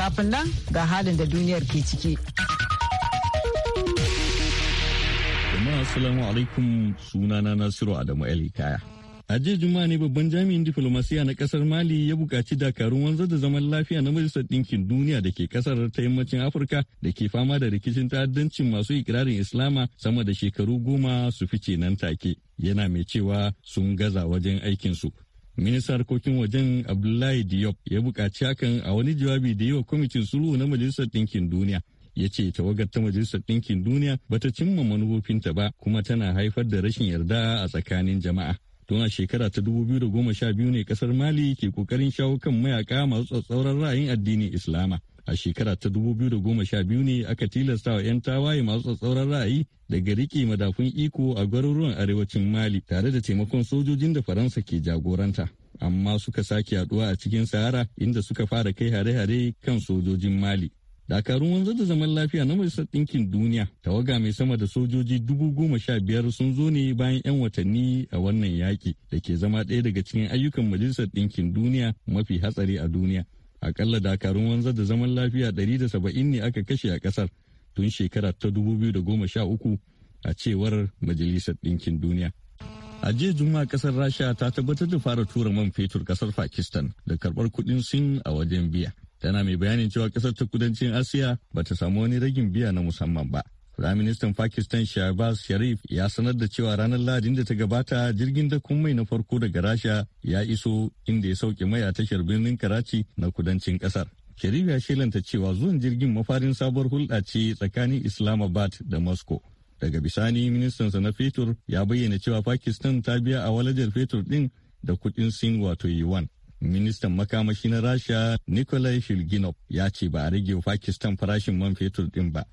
kafin nan ga halin da duniyar ke ciki. Jama'a Assalamu alaikum sunana Nasiru Adamu Elikaya. A jiya Juma'a ne babban jami'in diflomasiya na kasar Mali ya buƙaci dakarun wanzar da zaman lafiya na Majalisar Ɗinkin Duniya da ke kasar ta yammacin Afirka da ke fama da rikicin ta'addancin masu ikirarin Islama sama da shekaru goma su fice nan take. Yana mai cewa sun gaza wajen aikinsu. ministan harkokin wajen abdullahi diop ya buƙaci hakan a wani jawabi da yi wa kwamitin sulhu na majalisar ɗinkin duniya ya ce tawagar ta majalisar ɗinkin duniya bata cimma manufofinta ba kuma tana haifar da rashin yarda a tsakanin jama'a tun a shekara ta biyu ne kasar mali ke kokarin shawo kan mayaka masu tsatsauran ra'ayin addinin islama a shekara ta da goma 2012 ne aka tilasta wa 'yan tawaye masu tsatsauran ra'ayi daga riƙe madafun iko a garuruwan arewacin mali tare da taimakon sojojin da faransa ke jagoranta amma suka sake haɗuwa a cikin sahara inda suka fara kai hare-hare kan sojojin mali dakarun wanzar da zaman lafiya na majalisar ɗinkin duniya tawaga mai sama da sojoji dubu goma sha biyar sun zo ne bayan 'yan watanni a wannan yaƙi da ke zama ɗaya daga cikin ayyukan majalisar ɗinkin duniya mafi hatsari a duniya akalla dakarun wanzar da zaman lafiya 170 ne aka kashe a kasar tun shekara ta 2013 a cewar majalisar ɗinkin duniya a jiya juma'a kasar rasha ta tabbatar da fara tura man fetur kasar pakistan da karbar kudin sin a wajen biya tana mai bayanin cewa kasar ta kudancin asiya ba ta samu wani ragin biya na musamman ba Firaministan Pakistan Shahbaz Sharif ya sanar da cewa ranar lahadin da ta gabata jirgin dakon mai na farko daga Rasha ya iso inda ya sauke mai a tashar birnin Karachi na kudancin kasar. Sharif ya shelanta cewa zuwan jirgin mafarin sabuwar hulɗa ce tsakanin Islamabad da Moscow. Daga bisani ministansa na fetur ya bayyana cewa Pakistan ta biya a walajar fetur ɗin da kuɗin Sin wato yiwan. Ministan makamashi na Rasha Nikolai Shilginov ya ce ba a rage Pakistan farashin man fetur ɗin ba.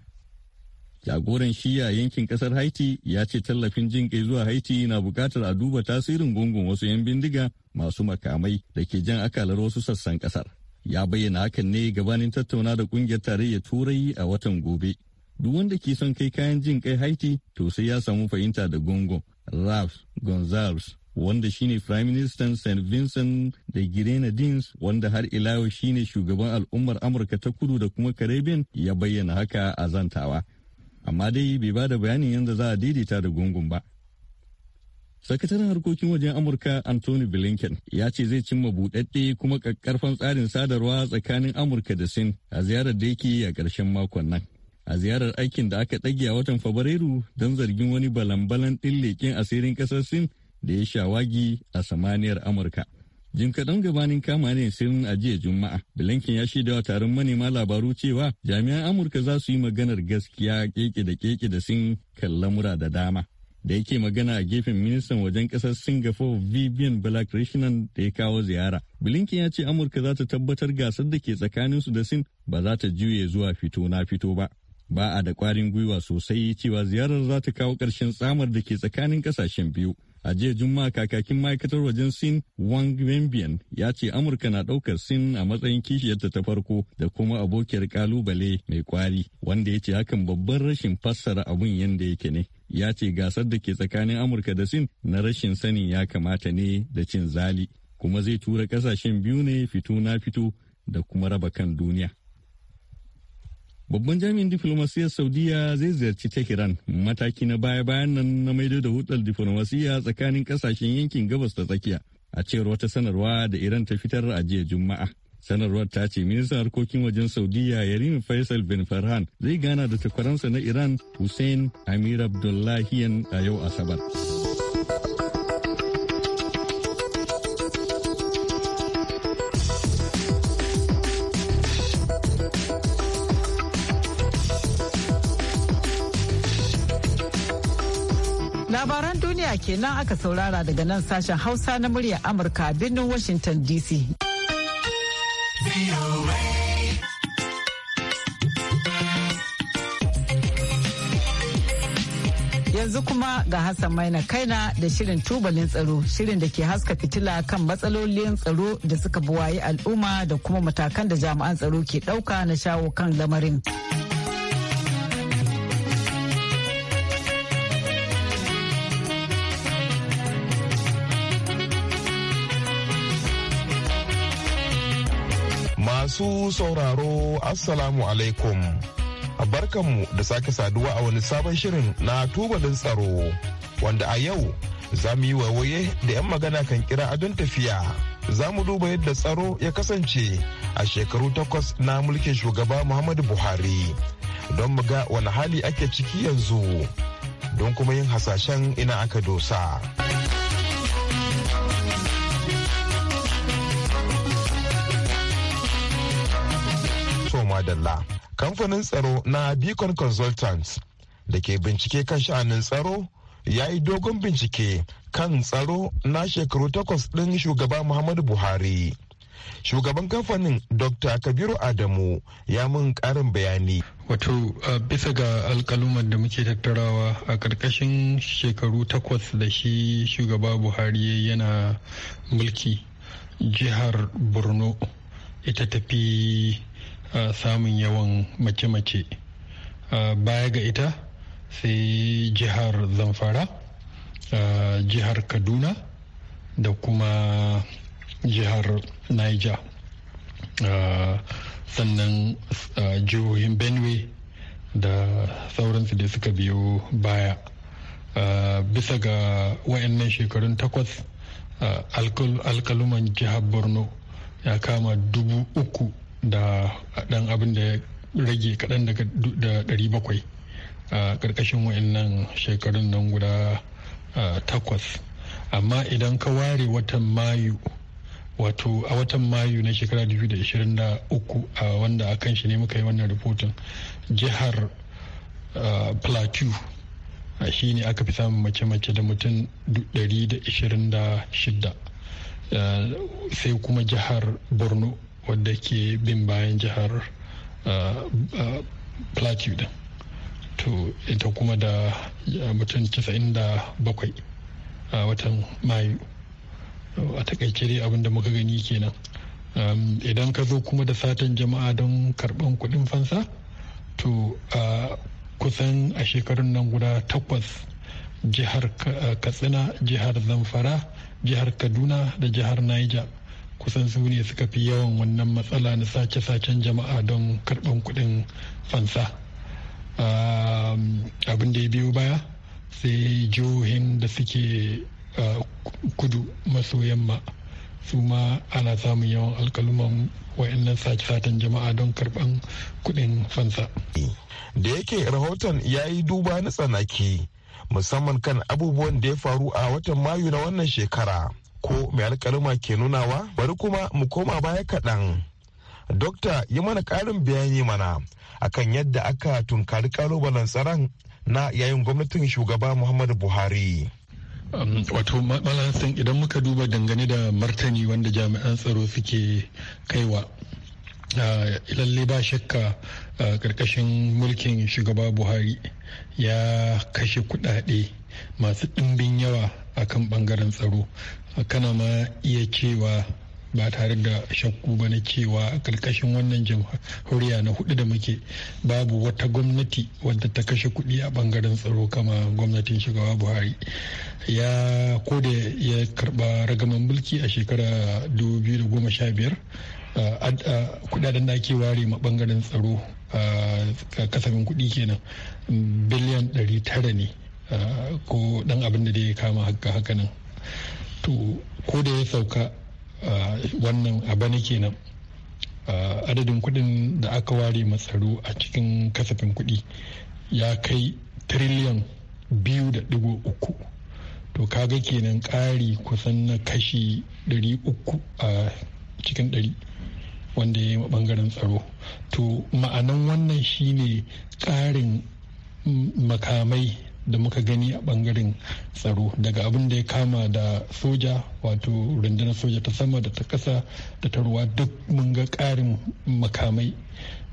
Jagoran shiya yankin kasar Haiti ya ce tallafin jin kai zuwa Haiti na bukatar a duba tasirin gungun wasu 'yan bindiga masu makamai da ke jan akalar wasu sassan kasar. Ya bayyana hakan ne gabanin tattauna da kungiyar tarayyar Turai a watan gobe. Duk wanda ke son kai kayan jin kai Haiti to sai ya samu fahimta da gungun. raf gonzales wanda shine Prime Minister St. Vincent da Grenadines wanda har ila shine shugaban al'ummar Amurka ta kudu da kuma Caribbean ya bayyana haka a zantawa. amma dai bai ba da bayanin yadda za a daidaita da gungun ba. Sakataren harkokin wajen Amurka Anthony Blinken ya ce zai cimma buɗaɗɗe kuma ƙaƙƙarfan tsarin sadarwa tsakanin Amurka da Sin a ziyarar da yake a ƙarshen makon nan. A ziyarar aikin da aka ɗage a watan Fabrairu don zargin wani balan-balan ɗin leƙen asirin ƙasar Sin da ya shawagi a samaniyar Amurka. Jim kaɗan gabanin kama ne sirrin a jiya Juma'a. Blinken ya shaida wa taron manema labaru cewa jami'an Amurka za su yi maganar gaskiya keke da keke da sun kan lamura da dama. Da yake magana a gefen ministan wajen ƙasar Singapore Vivian Balakrishnan da ya kawo ziyara. Blinken ya ce Amurka za ta tabbatar gasar da ke tsakanin su da Sin ba za ta juye zuwa fito na fito ba. Ba a da ƙwarin gwiwa sosai cewa ziyarar za ta kawo ƙarshen tsamar da ke tsakanin ƙasashen biyu. A jiya Juma'a kakakin ma'aikatar wajen Sin Wang Wenbian ya ce Amurka na ɗaukar Sin a matsayin kishiyarta ta farko da kuma abokiyar kalubale mai kwari wanda ya ce hakan babban rashin fassara abun yadda yake ne. Ya ce gasar da ke tsakanin Amurka da Sin na rashin sanin ya kamata ne da cin zali kuma zai tura ƙasashen biyu ne fito na fito da kuma raba kan duniya. Babban jami'in diflomasiyyar saudiyya zai ziyarci Tehran mataki na baya-bayan nan na maido da hudar diflomasiyya tsakanin kasashen yankin gabas da tsakiya a cewar wata sanarwa da Iran ta fitar a jiya Juma'a. Sanarwar ta ce ministan harkokin wajen saudiyya Yarim Faisal bin Farhan zai gana da takwaransa na Iran Hussein Amir Abdullahian a yau Asabar. Najeriya kenan aka saurara daga nan sashen Hausa na muryar Amurka birnin Washington DC. Yanzu kuma ga Hassan Maina Kaina da shirin tubalin tsaro, shirin da ke haska fitila kan matsalolin tsaro da suka buwayi al'umma da kuma matakan da jami'an tsaro ke ɗauka na shawo kan lamarin. Masu sauraro Assalamu alaikum. Barkanmu da sake saduwa a wani sabon shirin na tubalin tsaro wanda a yau za mu yi waiwaye da 'yan magana kan kira adon tafiya. Za mu duba yadda tsaro ya kasance a shekaru takwas na mulkin shugaba Muhammadu Buhari don mu ga wani hali ake ciki yanzu don kuma yin hasashen ina aka dosa. madalla kamfanin tsaro na beacon consultants da ke bincike kan sha'anin tsaro ya yi dogon bincike kan tsaro na shekaru takwas ɗin shugaba muhammadu buhari shugaban kamfanin dr kabiru adamu ya mun ƙarin bayani wato bisa ga alkaluman da muke tattarawa a ƙarƙashin shekaru takwas da shi shugaba buhari yana mulki jihar borno ita tafi samun yawan mace-mace baya ga ita sai jihar zamfara jihar kaduna da kuma jihar niger sannan jihohin benue da sauransu da suka biyo baya bisa ga wayannan shekarun takwas alkaluman jihar borno ya kama dubu uku da dan abin da ya rage kaɗan daga da bakwai a ƙarƙashin wa'annan shekarun nan guda takwas amma idan ka ware watan mayu wato a watan mayu na shekara 2023 a wanda a kan shi ne muka yi wannan rahoton jihar plateau shi ne aka fi samun mace-mace da mutum 126 sai kuma jihar borno wadda ke bin bayan jihar uh, uh, plateau din to ita kuma da uh, mutum 97 a watan mayu a takaice dai abin da muka gani kenan um, idan ka zo kuma da satan jama'a don karban kudin fansa to kusan a shekarun nan guda takwas jihar katsina jihar zamfara jihar kaduna da jihar niger kusan su ne suka fi yawan wannan matsala na sace-sacen jama'a don karɓan kuɗin fansa abin da ya biyo baya sai jihohin da suke kudu maso yamma su ma ana samun yawan alkaluman wa'annan sace-sacen jama'a don karɓan kuɗin fansa da yake rahoton ya yi duba na tsanaki musamman kan abubuwan da ya faru a watan mayu na wannan shekara ko mai alkalima ke nunawa bari kuma mu koma baya kaɗan dokta yi mana ƙarin bayani mana akan yadda aka tunkari ƙalubalen tsaron na yayin gwamnatin shugaba muhammadu buhari um, wato malasin idan muka duba dangane da martani wanda jami'an tsaro suke kaiwa uh, ba shakka uh, ƙarƙashin karkashin mulkin shugaba buhari ya kashe kuɗaɗe masu ɗimbin yawa akan bangaren tsaro kana ma iya cewa ba tare da shakku ba na cewa a ƙarƙashin wannan jamhuriya na hudu da muke babu wata gwamnati wadda ta kashe kuɗi a ɓangaren tsaro kama gwamnatin shugaba buhari ya koda ya karɓa ragaman mulki a shekara 2015 kudaden da ake ware ma ɓangaren tsaro a kasafin kuɗi kenan biliyan 900 ne ko ɗan abin da ya kama haka nan to ko da ya sauka wannan a bana kenan adadin kuɗin da aka ware matsaro a cikin kasafin kuɗi ya kai tiriliyan biyu da digo uku to kaga kenan ƙari kusan na kashi ɗari uku a cikin ɗari wanda ya yi ɓangaren tsaro to ma'anan wannan shine ƙarin makamai da muka gani a bangaren tsaro daga abin da ya kama da soja wato rundunar soja ta sama da ta kasa da ta ruwa duk mun ga karin makamai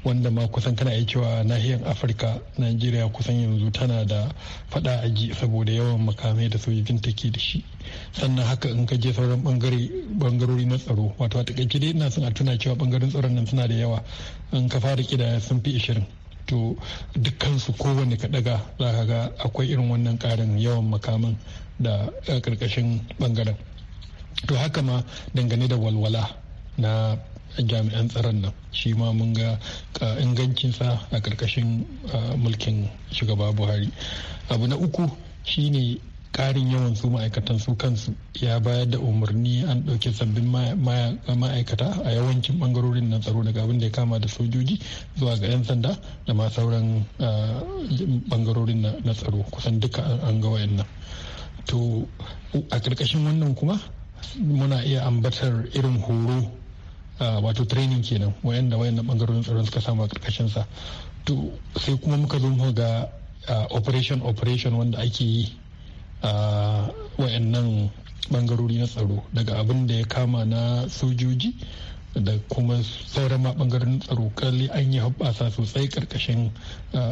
wanda ma kusan tana iya cewa nahiyar afirka nigeria kusan yanzu tana da fada a ji saboda yawan makamai da sojojin take da shi sannan haka in ka je sauran bangare bangarori na tsaro wato a takaice dai ina suna tuna cewa bangaren tsaron nan suna da yawa in ka fara kidaya sun fi ishirin. to dukkansu kowane ka daga za ka ga akwai irin wannan karin yawan makaman da karkashin bangaren to haka ma dangane da walwala na jami'an tsaron nan shi ma mun ga ingancinsa a karkashin mulkin shugaba buhari abu na uku shine karin yawan su ma'aikatan su kansu ya bayar da umarni an ɗauke sabbin ma'aikata a yawancin ɓangarorin na tsaro daga abin da ya kama da sojoji zuwa ga 'yan sanda da ma sauran ɓangarorin na tsaro kusan duka an ga wayannan to a ƙarƙashin wannan kuma muna iya ambatar irin horo wato training kenan da wayannan ɓangarorin tsaro suka samu a ƙarƙashin sa to sai kuma muka zo ga operation operation wanda ake yi a wayannan bangarori na tsaro daga abin da ya kama na sojoji da kuma sauran ma bangaren tsaro kalli an yi hoɓɓasa sosai karkashin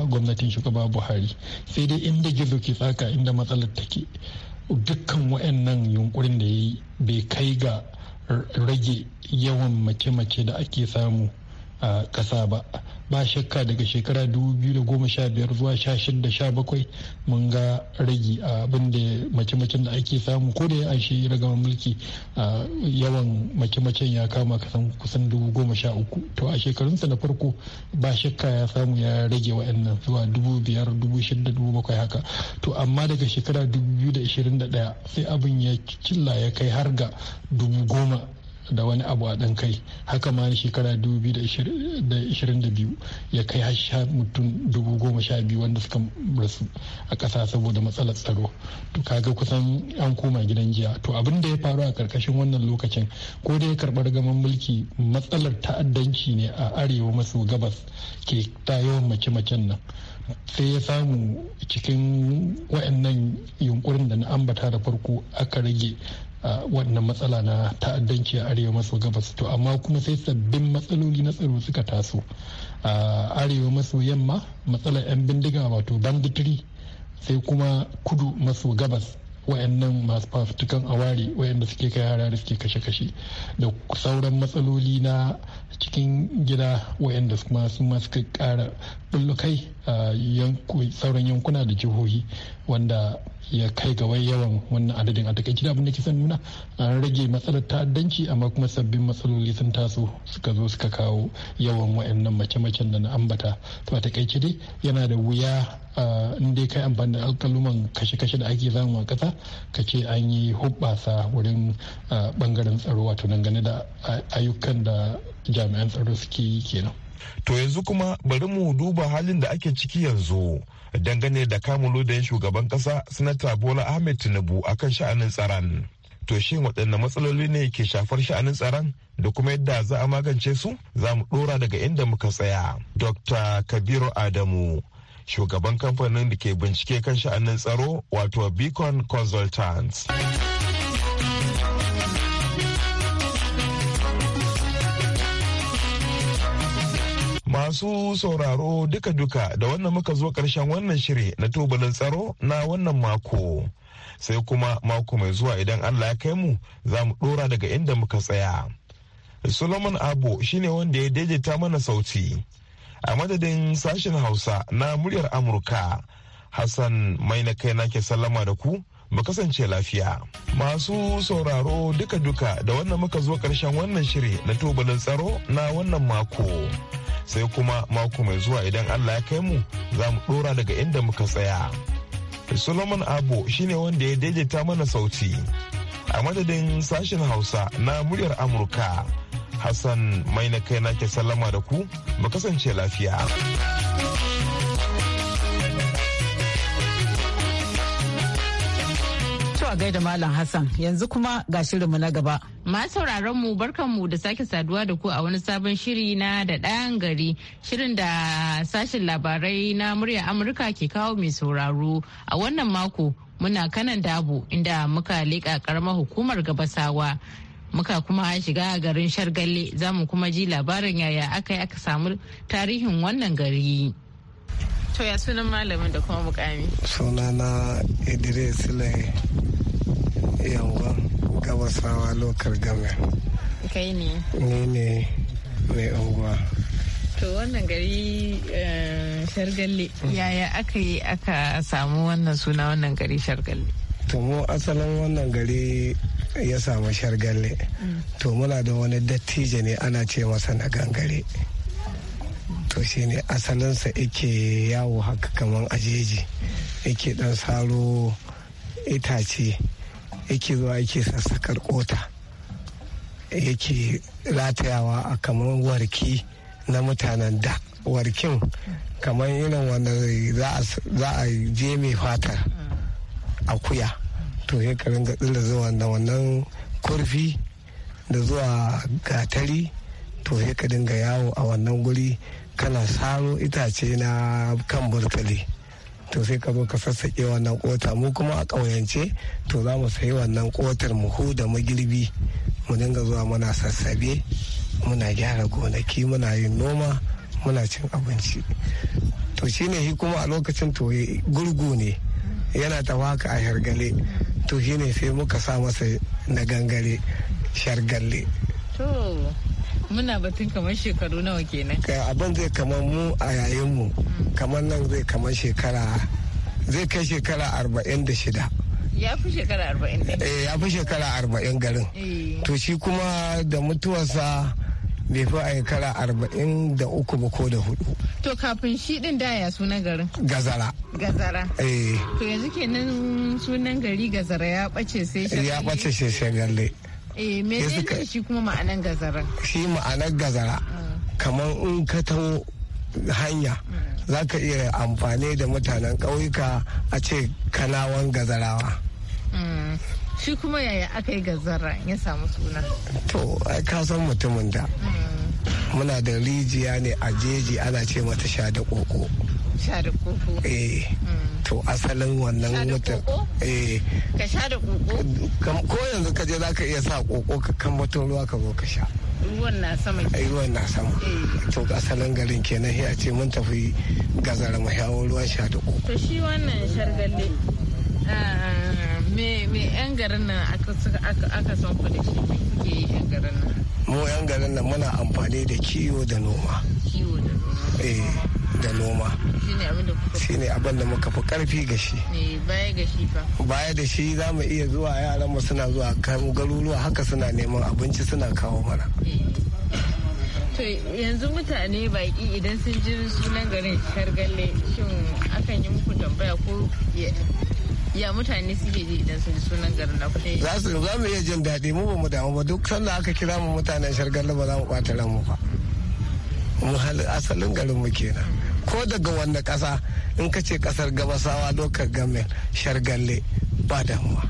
gwamnatin shugaba buhari sai dai inda gizo ke tsaka inda matsalar take dukkan wayannan yunkurin da ya yi bai kai ga rage yawan mace-mace da ake samu a ƙasa ba ba shakka daga shekara 2015 zuwa 16-17 mun ga ragi abin da mace-macen da ake samu ko da ya shi ragama mulki yawan mace-macen ya kama kasan kusan 13,000 to a shekarunsa na farko ba shakka ya samu ya rage wa'annan zuwa 2006-2007 haka to amma daga shekara 2021 sai abin ya cilla ya kai har ga 10,000 da wani abu a ɗan kai haka ma shekara 2022 ya kai hasha mutum 12,000 wanda suka rasu a ƙasa saboda matsalar tsaro to kaga kusan an koma gidan jiya to abin da ya faru a ƙarƙashin wannan lokacin ko da ya karɓar gaman mulki matsalar ta'addanci ne a arewa maso gabas ke ta yawan mace-macen nan sai ya samu cikin wa'annan yunkurin da na ambata da farko aka rage wannan matsala na ta'addanci a arewa maso gabas to amma kuma sai sabbin matsaloli na tsaro suka taso a arewa maso yamma matsalar 'yan bindiga wato banditiri sai kuma kudu maso gabas wayannan masu fafutukan aware wayanda suke kai yara da suke kashe-kashe da sauran matsaloli na cikin gida wayanda kuma su ma suka kara bullo a sauran yankuna da jihohi wanda ya kai ga wai yawan wannan adadin a takaice abin da ke son nuna an rage matsalar ta'addanci amma kuma sabbin matsaloli sun taso suka zo suka kawo yawan wayannan mace-macen da na ambata to a takaice dai yana da wuya in dai kai amfani da alkaluman kashe-kashe da ake zama a ƙasa ka ce an yi hubbasa wurin bangaren tsaro wato dangane da ayyukan da jami'an tsaro suke yi kenan To yanzu kuma bari mu duba halin da ake ciki yanzu dangane da kamun lodayin shugaban kasa sanata Bola Ahmed Tinubu akan sha'anin tsaron. To shin waɗanne matsaloli ne ke shafar sha'anin tsaron da kuma yadda za a magance su za mu ɗora daga inda muka tsaya. Dr. Kabiru Adamu shugaban kamfanin da ke bincike kan sha'anin tsaro wato Beacon Consultants. Masu sauraro duka-duka da wannan muka zo karshen wannan shiri na tubalin tsaro na wannan mako. Sai kuma mako mai zuwa idan Allah ya kai mu za mu ɗora daga inda muka tsaya. Solomon abu shine wanda ya daidaita mana sauti. A madadin sashen Hausa na muryar Amurka, Hassan mai na kai nake sallama da ku. mu kasance lafiya. Masu sauraro duka-duka da wannan muka zo karshen wannan shiri na tubalin tsaro na wannan mako. sai kuma mako mai zuwa idan allah ya kai mu za mu ɗora daga inda muka tsaya solomon abo shine wanda ya daidaita mana sauti a madadin sashen hausa na muryar amurka hassan mai na kai na ke sallama da ku mu kasance lafiya. a gaida Malam Hassan yanzu kuma ga shirinmu na gaba. Masu sauraron mu barkanmu da sake saduwa da ku a wani sabon shiri na da ɗayan gari shirin da sashen labarai na murya Amurka ke kawo mai sauraro a wannan mako muna kanan dabo inda muka leƙa ƙaramar hukumar gabasawa muka kuma shiga garin shargalle za mu kuma ji labarin yaya aka yi aka samu tarihin wannan gari. To ya sunan malamin da kuma mukami? Sunana Idris Lai yawon gabasawa lokar gamen kai ne ni ne mai unguwa to wannan gari eh, shargalle yaya aka yi aka samu wannan suna wannan gari shargalle to mu asalin wannan gari ya samu shargalle mm. to muna da wani dattijo ne ana ce masa na gangare to shi ne asalinsa yake yawo haka kamar ajeji yake dan saro itace yake zuwa yake sassakar kota yake ratayawa a kamar warki na mutanen da warkin kamar irin wanda za a je mai fatar akuya to ya karin ga tsira zuwa da wannan kurfi da zuwa gatari to ya ka dinga yawo a wannan guri kana saro itace na kan burtali to sai ka zo ka sassaƙe wannan kota mu kuma a ƙauyance to za mu sayi wannan kotar mu da magirbi mu dinga zuwa muna sassabe muna gyara gonaki muna yin noma muna cin abinci to shine shi kuma a lokacin to gurgu ne yana ta waka a shargale to shine sai muka sa masa na gangare shargalle muna batun kamar shekaru nawa kenan abin zai kamar mu a yayin mu hmm. kamar nan zai kamar shekara zai kai shekara arba'in da shida ya fi shekara arba'in eh ya fi shekara arba'in garin eh. to shi kuma da mutuwarsa bai fi aikara arba'in da uku ba ko da hudu. To kafin shi din ya sunan garin? Gazara. Gazara. Eh. To yanzu kenan sunan gari gazara ya bace sai shi Ya bace sai shagalle. eh ne shi kuma ma'anan gazara shi ma'anan gazara kamar in ka taho hanya mm. za ka iya amfani da mutanen ƙauyuka a ce kanawan gazarawa mm. shi kuma yaya aka yi gazara ya samu suna to ka san mutumin da mm. muna da rijiya ne a jeji ana ce mata sha da koko sha da koko eh wato asalin wannan wata eh ka sha da koko ko yanzu ka je zaka iya sa koko ka kan kambato ruwa ka zo ka sha ruwan na sama ruwan na sama eh. to asalin garin kenan ya ce mun tafi gazara mu hawo ruwan sha da koko to shi wannan shargalle ah, me yan garin nan aka son ku da shi kuke yi yan garin nan mu yan garin nan muna amfani da kiwo da noma kiwo da noma eh da noma shine abin da muka fi karfi ga shi baya da shi za mu iya zuwa yaran mu suna zuwa garuruwa haka suna neman abinci suna kawo mana eh. to yanzu mutane baki idan sun ji sunan garin shargalle shin akan yi muku tambaya ko ya mutane suke ji idan sun ji sunan garin da kuke za su za mu iya jin daɗi mu ba mu damu ba duk sanda aka kira mu mutanen shargalle ba za mu ɓata ranmu mu ba mu asalin garin mu kenan ko daga wanda ƙasa in ka ce ƙasar gabasawa lokar gamen shargalle ba damuwa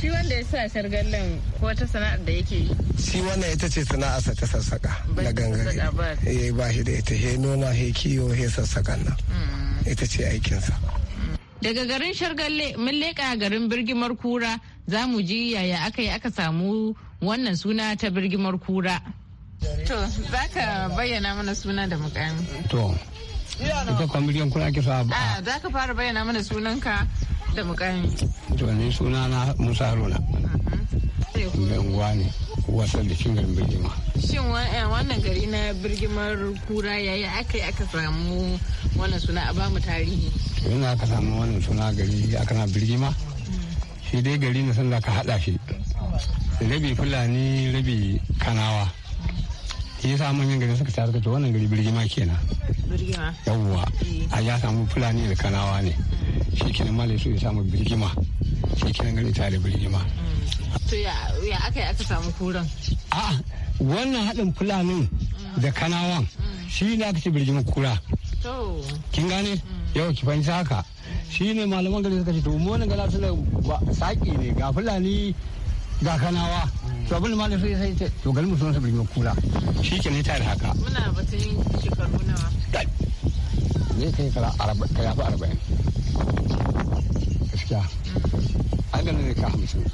shi wanda ya sa shargallen ko ta sana'ar da yake yi shi wannan ita ce sana'arsa ta sassaka na gangare eh, ba shi da ita he noma he kiyo he sassakan nan mm. ita ce aikinsa mm. daga garin shargalle mun leƙa garin birgimar kura za mu ji yaya aka yi aka samu wannan suna ta birgimar kura to za ka bayyana mana suna da mukami to Ita miliyan kuna kisa A za ka fara bayyana mana sunanka da mukami. To suna na Musa Haruna. Benguwa ne wasan da shi garin birgima. Shin eh, wannan gari na birgimar kura yayi aka yi aka samu wannan suna a bamu tarihi. Yana aka samu wannan suna gari aka na birgima. Shi dai gari na sanda ka haɗa shi. Rabi Fulani rabi Kanawa. shi yasa manyan gari suka taru da wannan gari birgima kenan birgima yawwa eh. a ya samu fulani da kanawa ne mm. shi kenan male su ya samu birgima shi kenan gari ta da birgima mm. to ya aka yi aka samu kuran a wannan haɗin fulanin mm. da kanawan shi ne aka ce birgima kura kin gane yau ki fahimci haka shi ne malaman gari suka ce to mu wannan gana suna saƙi ne ga fulani ga kanawa to abin da malam sai sai ce to galmu sunan sa birgima kula shi ke ne ta haka muna batun shekaru nawa ne kai kala ka yafi arba'in gaskiya mm. an gana ne ka hamsin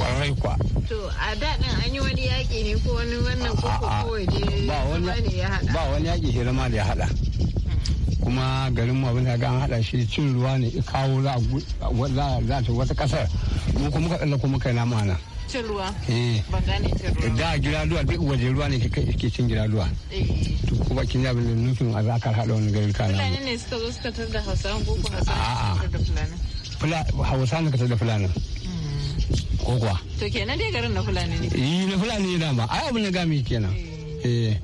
warai kwa to a daɗin an yi wani yaƙi ne ko wani wannan ko ya haɗa. ba wani yaƙi hirama da ya haɗa mm. kuma garin mu abin da ga hada shi cin ruwa ne kawo za ta wata kasar mu kuma ka tsallako kuma kai nama mana cin ruwa eh. ban gane cin ruwa da giraduwa duk waje ruwa ne ke cin giraduwa eh. to ko bakin ya bin nufin a za ka haɗa wani garin kana fulani ne suka zo suka tar da hausawan ko ko hausawan da fulani hausawan suka tar da fulani hmm. ko kuwa to kenan dai garin na fulani ne yi eh, na fulani ne dama ai abin da gami kenan eh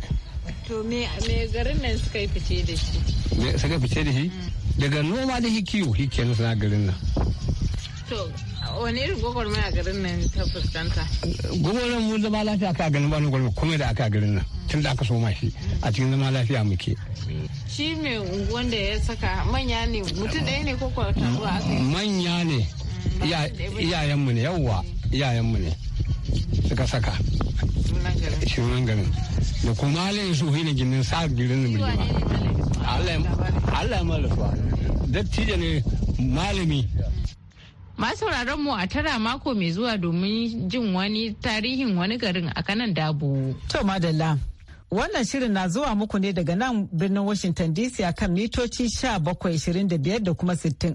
to me garin nan suka yi fice da shi Me suka fice da shi hmm. daga noma da shi kiwo shi kenan suna garin nan to wani irin gwagwarmaya garin nan ta fuskanta? Gwagwarmaya mu zama lafiya ka garin ba gwagwarmaya kuma da aka garin nan tun da aka so mashi a cikin zama lafiya muke. Shi mai unguwan da ya saka manya ne mutum ɗaya ne ko ta taruwa aka Manya mm, ne iyayenmu ne yawwa iyayenmu ne suka saka. Sunan garin. Da kuma halayen su hina ginin sa girin da mulki ba. Allah ya malafa. Dattijo ne malami ma sauraron mu a tara mako mai zuwa domin jin wani tarihin wani garin a kanan dabu. To madalla. Wannan shirin na zuwa muku ne daga nan birnin Washington DC a kan mitoci 1725 da kuma 60.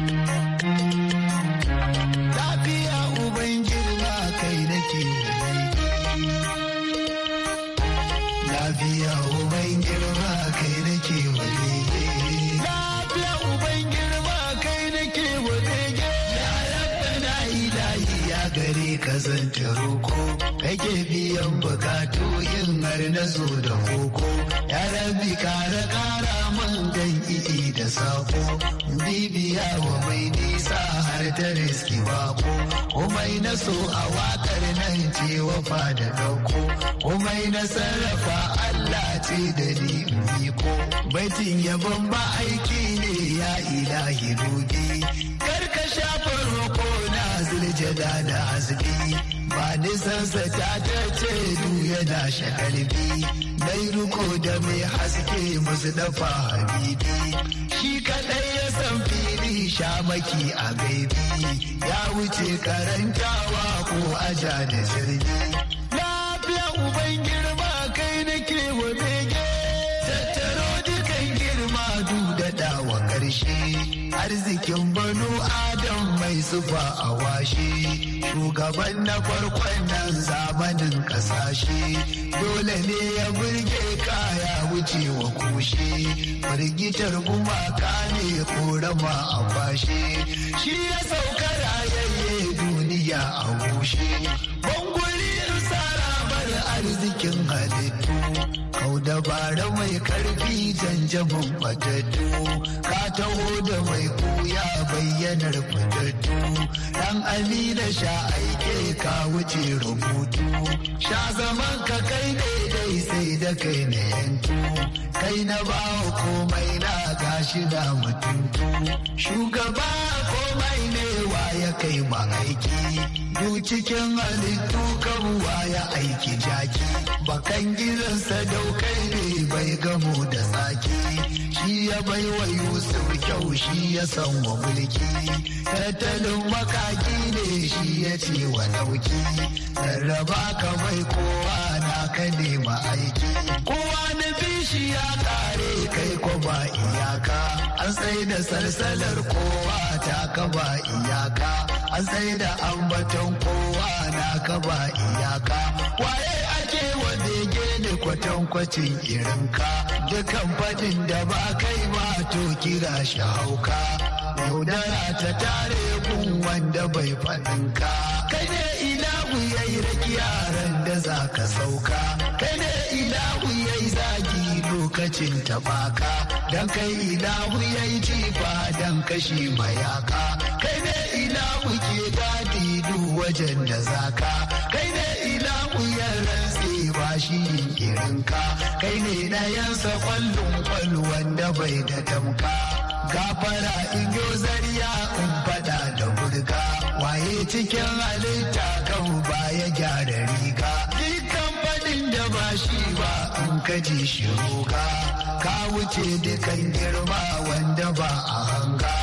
na zo da koko ya rabi kara kara man dan i'i da sako bibiya wa mai nisa har ta riski bako mai na so a wakar nan ce wafa da dauko komai na sarrafa Allah ce da ni miko baitin yabon ba aiki ne ya ilahi dogi karka shafar roko na ziljada da azubi hadisansa ta ta ce du yana shakalbi dai ruko da mai haske musu dafa habibi shi kadai ya san fili shamaki a gaibi ya wuce karantawa ko aja da sirri zuba a washi shugaban na farkon nan zamanin kasashe dole ne ya burge kaya wucewa wa kushe firgitar gumaka ne korama a kwashe shi ya sauka rayayye duniya a gushe bangulin sarabar arzikin halittu yau dabara mai karfi zanjabin fatattu ka taho da mai koya bayyanar fatattu dan amina sha aike ka wuce rubutu sha zaman ka kai daidai sai da kai na yanku kai na bawa komai na gashi da mutuntu shugaba komai ne ya kai ma aiki du cikin halittu kabuwa ya aiki jaki bakan gidansa daukai ne bai gamo da sake shi ya bai wa Yusuf kyau shi ya san wa mulki tattalin makaki ne shi ya ce wa dauki rarraba ka mai kowa na ka nema aiki kowa na bishi ya kare kai ko ba iyaka an sai da salsalar kowa ta ka ba iyaka an sai da ambaton kowa na ka ba iyaka waye ake wanda da kwatankwacin irinka dukan fadin da ba kai ma to kira shi hauka yaudara ta tare kun wanda bai faɗinka kai ne ya yayi raki yaran da za ka sauka kai ne ya yayi zagi lokacin tabaka dan kai ya yayi jifa dan kashi mayaka kai ne ina ke dadi duk wajen da zaka kai ne ila yara ma shi girinka kai ne ɗayansa kwallon kwallo wanda bai da tamka gafara in yo zariya in fada da burga waye cikin halitta ba ya gyara riga dukkan fadin da ba shi ba in ka ji shi roga ka wuce dukan girma wanda ba a hanga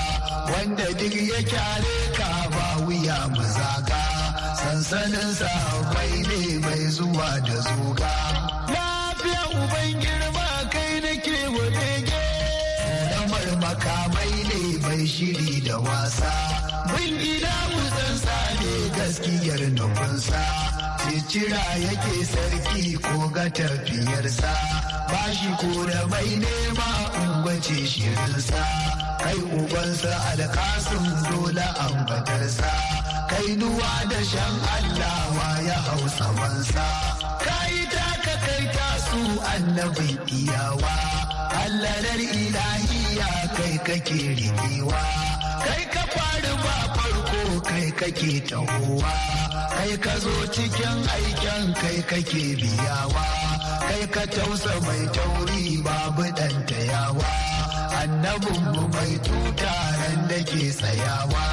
wanda duk ya kyale ka ba wuya mu zaga sansanin sa akwai ne mai zuwa da zuga lafiya uban girma kai nake wa bege lamar makamai ne mai shiri da wasa mun gida zansa ne gaskiyar nufinsa cicira yake sarki ko ga tafiyarsa ba shi ko da mai nema ungwace shirinsa kai ubansa alkasin dole ambatarsa kai duwa da shan allawa ya hausa wansa kayi taka kai tasu annabi iyawa allarar ilahiya kai kake rigewa kai ka kwari ba farko kai kake tahowa kai ka zo cikin aikin kai kake biyawa kai ka tausa mai tauri babu Annabin mu mai tuta ran da ke tsayawa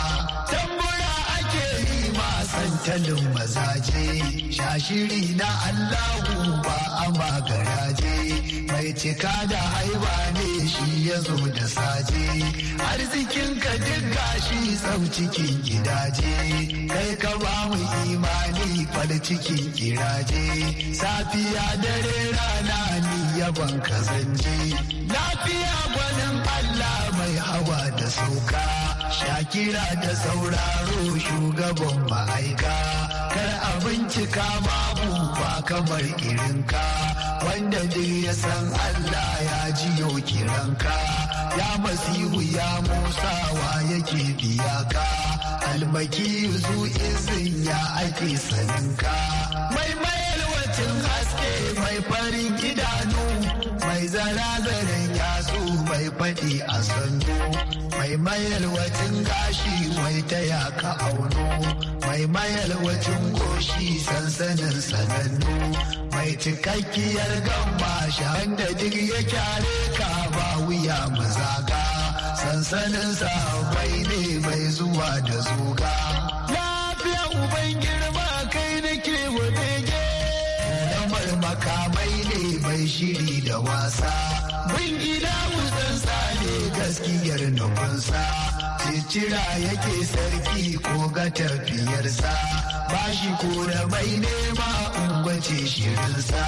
santalin mazaje shashiri na allahu ba a magaraje mai cika da haiba ne shi ya zo da saje arzikin ka dinga shi tsau cikin gidaje kai ka ba mu imani far cikin kiraje safiya dare rana ni yaban ka zanje lafiya gwanin allah mai hawa da sauka kira da sauraro shugaban ma'aika kar a bincika babu ba kamar irinka wanda dai ya san Allah ya jiyo kiranka ya masihu ya musa wa yake biya ka almaki zu izin ya ake saninka mai mayar haske mai farin gidanu mai zara-zarai mai faɗi a sannu mai wajen gashi mai taya ka auno mai wajen goshi sansanin sanannu mai cikakkiyar gamba shan da duk ya kyare ka ba wuya mazaga sansanin sahabai ne mai zuwa da zuga lafiya uban girma kai nake wa bege makamai ne mai shiri da wasa Ban gida wuzan sani gaskiyar nufinsa, cicira yake sarki ko ga tafiyarsa, ba shi kora mai nema ungwace shirinsa,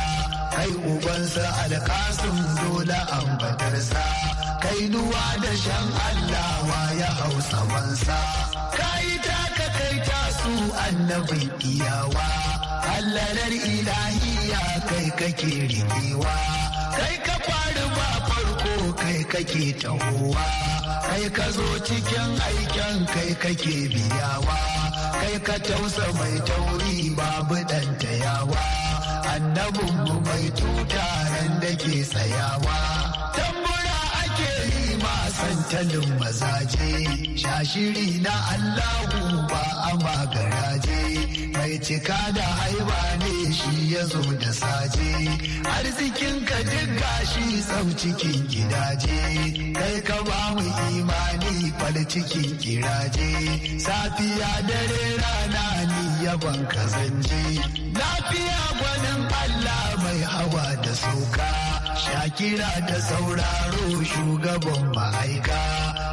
kai ubansa alkasun dole ambatarsa, kai duwa da shan allawa ya hausa mansa. Kai taka kai tasu annabin iyawa, allalar ilahiya kai kake riƙewa. Kai kwari ba farko kai kake tahowa kai ka zo cikin aikin kai kake biyawa kai ka tausa mai tauri babu dan tayawa mu mai tuta ran da ke tsayawa tambura ake yi ma masantalin mazaje shashiri na allahu ba a magaraje mai cika da haiba ne shi ya zo da saje arzikin ka jigga shi sau cikin gidaje kai ka ba mu imani fal cikin kiraje safiya dare rana ni yaban ka zanje lafiya gwanin Allah mai hawa da suka. shakira da sauraro shugaban ma'aika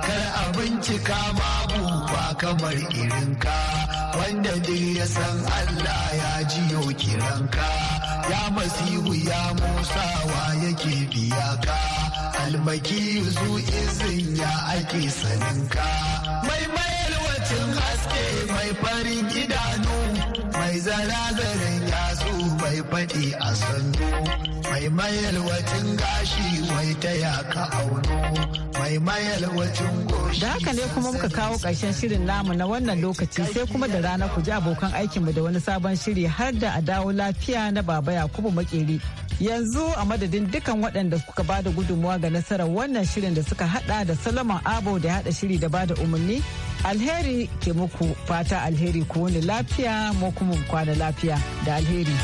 kar a bincika babu ba kamar irinka wanda dai ya san Allah ya jiyo kiranka ya masihu ya musa wa yake biya ka almaki zu izin ya ake saninka mai mayar wacin haske mai farin idanu mai zara zaren mai faɗi a mai gashi mai ka auno mai goshi da haka ne kuma muka kawo ƙarshen shirin namu na wannan lokaci sai kuma da rana ku ji abokan aikinmu da wani sabon shiri har da a dawo lafiya na baba yakubu makeri yanzu a madadin dukan waɗanda kuka ba da gudunmuwa ga nasarar wannan shirin da suka hada da salaman abo da hada shiri da ba da umarni alheri ke muku fata alheri ku wani lafiya mu kuma kwana lafiya da alheri.